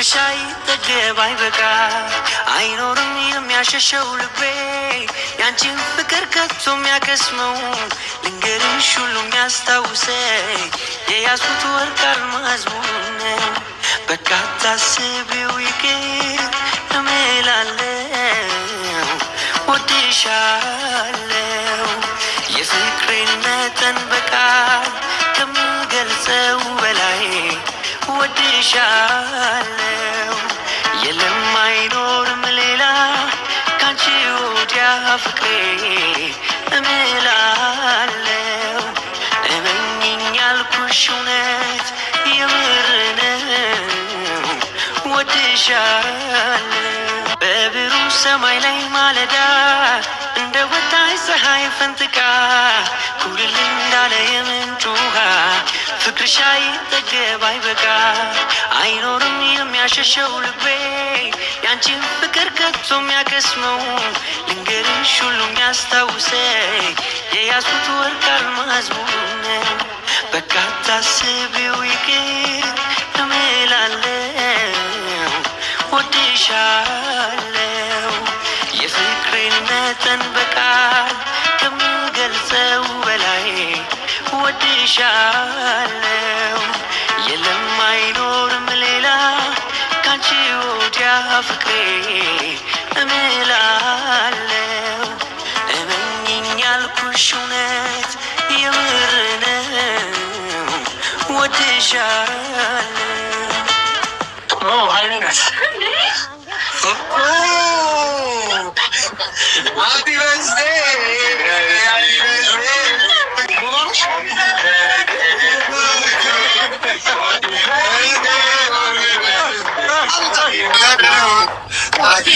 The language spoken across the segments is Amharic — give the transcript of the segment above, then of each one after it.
መድረሻ ይጠገብ አይበቃ አይኖርም የሚያሸሸው ልቤ ያንቺን ፍቅር ከቶ የሚያከስመው ልንገርሽ ሁሉ የሚያስታውሰ የያዝኩት ወርቅ አልማዝሙን በርካታ ስቢው ይቅር እምላለው ወድሻለው የፍቅሬን መጠን በቃል ከምገልጸው ወድሻለው የለም አይኖርም ሌላ ካንቺ ወዲያ ፍቅሬ እምላለው እመኝኝ ያልኩሽ እውነት የምር ነው ወድሻለው በብሩህ ሰማይ ላይ ማለዳ እንደ ወጣች ፀሐይ ፈንጥቃ ኩልል እንዳለ የምንጩ ውሃ ሻይ አይጠገብ አይበቃ አይኖርም የሚያሸሸው ልቤ ያንቺን ፍቅር ከቶ የሚያከስመው ልንገርሽ ሁሉም ያስታውሰ የያዝኩት ወርቅ አልማዝ ሙሉነ በቃ ታስቢው ይቅር እምላለው ወድሻ መጠን በቃል ከምገልጸው በላይ ወድሻለው። የለም አይኖርም ሌላ ካንቺ ወዲያ ፍቅሬ እምላለው። እመኝኝ ያልኩሽ እውነት የምር ነው። ወድሻለው Happy birthday! Happy birthday! Happy birthday Happy you. Happy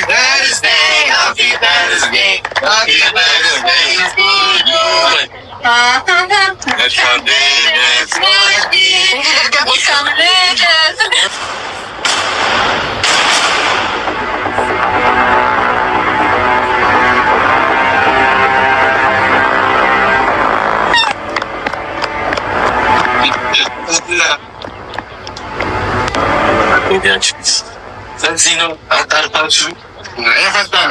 birthday, happy birthday, happy birthday to you. That's our day, that's my day. Come later. 区 የፈጠረ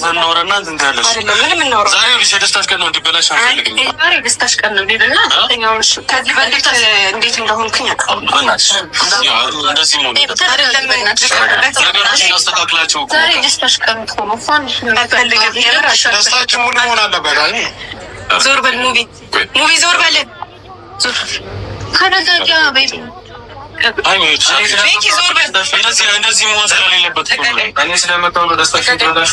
ይዘን እናወራና እንትን ትያለሽ። እንዴት እንደሆንኩኝ ነገሮችን አስተካክላቸው። ዛሬ ደስታሽ ዞር በል ሙቪ፣ ሙቪ ዞር በል እንደዚህ መሆን ስለሌለበት እኔ ስለመጣሁ ደስታሽ ይበላሽ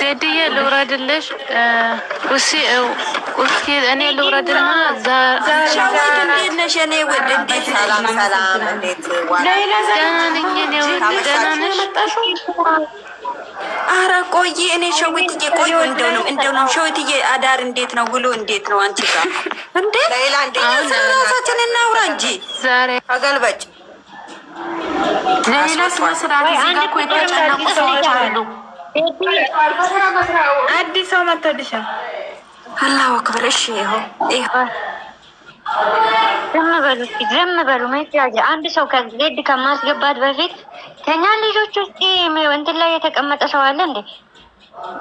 ቴዲዬ ልውረድልሽ። እሺ እስኪ እኔ ልውረድና አረ ቆይ እኔ ሸዊትዬ ቆይ፣ እንደው ነው እንደው ነው ሸዊትዬ፣ አዳር እንዴት ነው ውሎ እንዴት ነው አንቺ ጋር እንዴ? ሌላ ስለራሳችን እናውራ እንጂ ዛሬ አገልበጭ ሌላ ስራ ስራ ጊዜ ጋር እኮ የተጨነቁ ሰዎች አሉ። አዲስ ሰው መጥቶ አዲስ ሰው አላሁ አክበር። እሺ ይኸው ዝም በሉ ዝም በሉ። አንድ ሰው ከግድ ከማስገባት በፊት ከኛ ልጆች ውስጥ እንትን ላይ የተቀመጠ ሰው አለ እንዴ?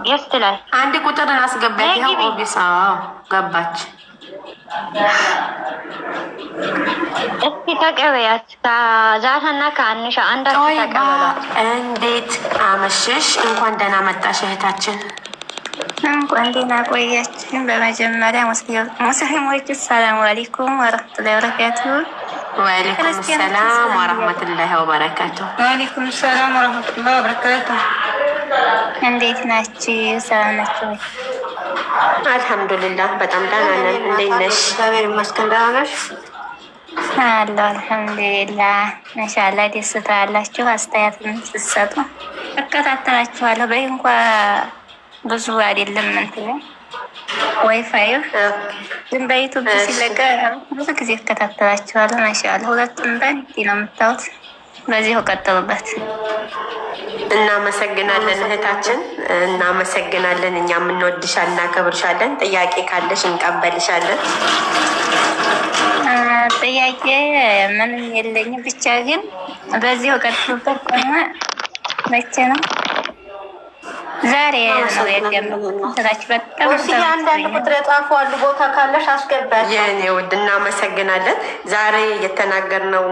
ጌስት ላይ አንድ ቁጥርን አስገባት። ይኸው ገባች። እስኪ ተቀበያት ከዛትና ከአንሻ አንዳችሁ ተቀበሏት እንዴት አመሸሽ? እንኳን ደህና መጣሽ እህታችን። እንኳን ደህና ቆያችን። በመጀመሪያ ሙስሊሞች ሰላሙ አለይኩም ወረህመቱላሂ ወበረካቱ። ወአለይኩም ሰላም ወረህመቱላሂ ወበረካቱ። ወአለይኩም ሰላም ወረህመቱላሂ ወበረካቱ። እንዴት ናችሁ? ሰላም ናችሁ? አልሐምዱሊላህ በጣም ደህና ነን። እንዴት ነሽ? እግዚአብሔር ይመስገን ደህና ነሽ? አለ አልሐምዱሊላህ። ማሻላ ደስታ አላችሁ። አስተያየትን ስትሰጡ እከታተላችኋለሁ። በይ እንኳ ብዙ አይደለም እንትን ዋይፋይ ግን በዩቱብ ሲለቀ ብዙ ጊዜ እከታተላችኋለሁ። ማሻላ ሁለቱም በንድ ነው የምታዩት በዚሁ ቀጥሉበት። እናመሰግናለን እህታችን፣ እናመሰግናለን። እኛ የምንወድሻል፣ እናከብርሻለን። ጥያቄ ካለሽ እንቀበልሻለን። ጥያቄ ምንም የለኝም፣ ብቻ ግን በዚሁ ቀጥሉበት። መቼ ነው? ዛሬ ሰው በጣም አንዳንድ ቁጥር የጻፉ አሉ። ቦታ ካለሽ አስገባሽ። የኔ ውድ እናመሰግናለን። ዛሬ የተናገርነው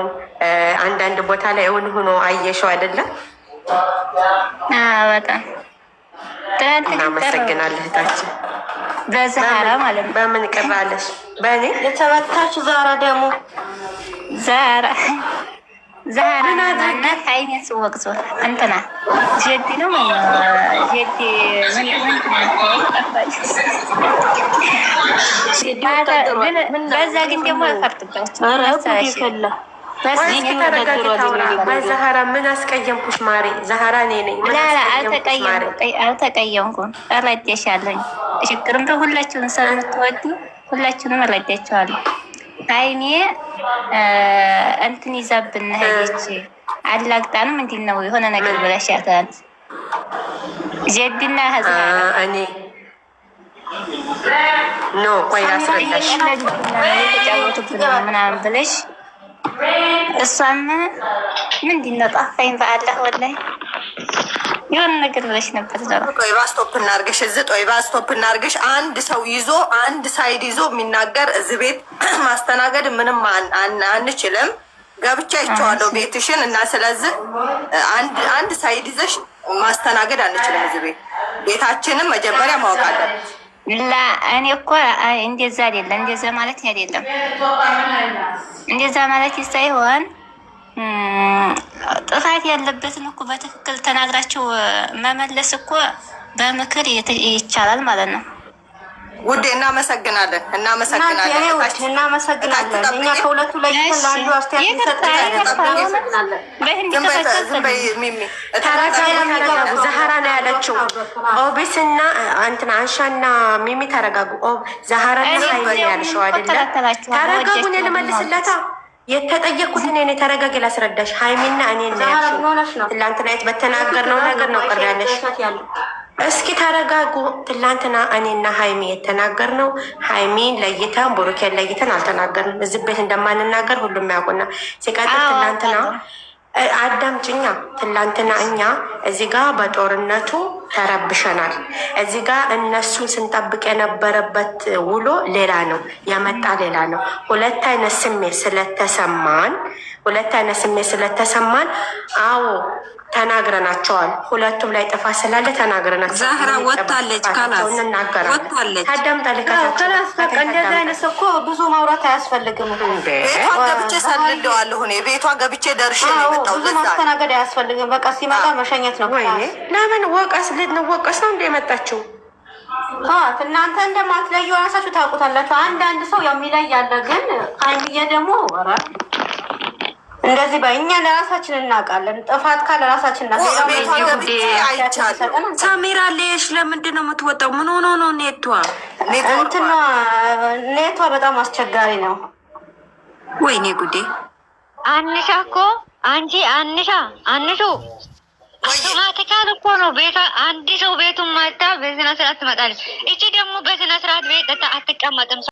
አንዳንድ ቦታ ላይ እውን ሆኖ አየሽው አይደለም? በጣም እናመሰግናለን እህታችን። በዛራ ማለት ነው። በምን ቅር አለሽ? በእኔ የተመታች ዛራ ደግሞ ዛራ ዛሬ ማናት አይነት ወቅት እንትና ጀዲ ነው ጀዲ በዛ ግን ደግሞ በዛህራ ምን አስቀየምኩሽ? ማሪ ዛህራ እኔ ነኝ። አልተቀየምኩም፣ እረዳሻለሁ። ችግርም ሁላችሁን ስለምትወዱ ሁላችሁንም እረዳችኋለሁ። አይኔ እንትን ይዛብን ሄደች አላግጣንም እንዲል ነው የሆነ ነገር ብለሽ ያተናት ዜድና ህዝ እኔ ኖ ቆይ ላስረዳሽ ብለሽ እሷም ምንድን ነው ጠፋኝ በአላህ ወላሂ የሆነ ነገር ብለሽ ነበር። ጦይባ ስቶፕ እናርገሽ፣ እዚ ጦይባ ስቶፕ እናርገሽ። አንድ ሰው ይዞ አንድ ሳይድ ይዞ የሚናገር እዚ ቤት ማስተናገድ ምንም አንችልም። ገብቻ ይቸዋለሁ ቤትሽን እና ስለዚህ አንድ ሳይድ ይዘሽ ማስተናገድ አንችልም። እዚ ቤት ቤታችንም መጀመሪያ ማወቅ አለን። ላ እኔ እኮ እንደዛ አይደለም፣ እንደዛ ማለት አይደለም፣ እንደዛ ማለት ሳይሆን ጥፋት ያለበትን እኮ በትክክል ተናግራቸው መመለስ እኮ በምክር ይቻላል ማለት ነው። ውዴ እናመሰግናለን፣ እናመሰግናለን፣ እናመሰግናለን። እኛ ነው ያለችው። ኦቢስ እና እንትን አንሻና ሚሚ ተረጋጉ። ዛሀራ ና ያልሸው አይደለም። ተረጋጉን ልመልስለታ የተጠየቅኩትን እኔ ተረጋግ ላስረዳሽ። ሀይሚና እኔ ትላንትና የት በተናገርነው ነገር ነው ቅር ያለሽ። እስኪ ተረጋጉ። ትላንትና እኔና ሀይሚ የተናገርነው ሀይሚን ለይተን ብሩኬን ለይተን አልተናገርንም። እዚህ ቤት እንደማንናገር ሁሉም ያውቁና ሲቀጥል ትላንትና አዳምጭኛ ትላንትና እኛ እዚህ ጋ በጦርነቱ ተረብሸናል። እዚህ ጋ እነሱን ስንጠብቅ የነበረበት ውሎ ሌላ ነው፣ የመጣ ሌላ ነው። ሁለት አይነት ስሜት ስለተሰማን ሁለት አይነት ስሜት ስለተሰማን አዎ ተናግረናቸዋል። ሁለቱም ላይ ጥፋት ስላለ ተናግረናቸዋል። ዛህራ ወጥታለች፣ እንናገራለን። ታዳምጣ እንደዚህ አይነት እኮ ብዙ ማውራት አያስፈልግም። ቤቷ ገብቼ ሰልለዋለሁ እኔ ቤቷ ገብቼ ደርሼ የመጣው። ብዙ ማስተናገድ አያስፈልግም። በቃ ሲመጣ መሸኘት ነው። ለምን ወቀስ ልንወቀስ ነው እንደ የመጣችው እናንተ እንደማትለዩ ራሳችሁ ታውቁታላችሁ። አንዳንድ ሰው የሚለይ ያለ ግን አንድዬ ደግሞ እንደዚህ በእኛ ለራሳችን እናውቃለን። ጥፋት ካለ ራሳችን ሳሜራ ሌሽ ለምንድን ነው የምትወጣው? ምን ሆኖ ነው? ኔቷ እንትኗ ኔቷ በጣም አስቸጋሪ ነው። ወይኔ ጉዴ! አንሻ እኮ አንቺ አንሻ አንሹ አውቶማቲካል እኮ ነው። ቤቷ አንድ ሰው ቤቱን ማታ በስነስርዓት ትመጣለች። እቺ ደግሞ በስነስርዓት ቤት አትቀመጥም።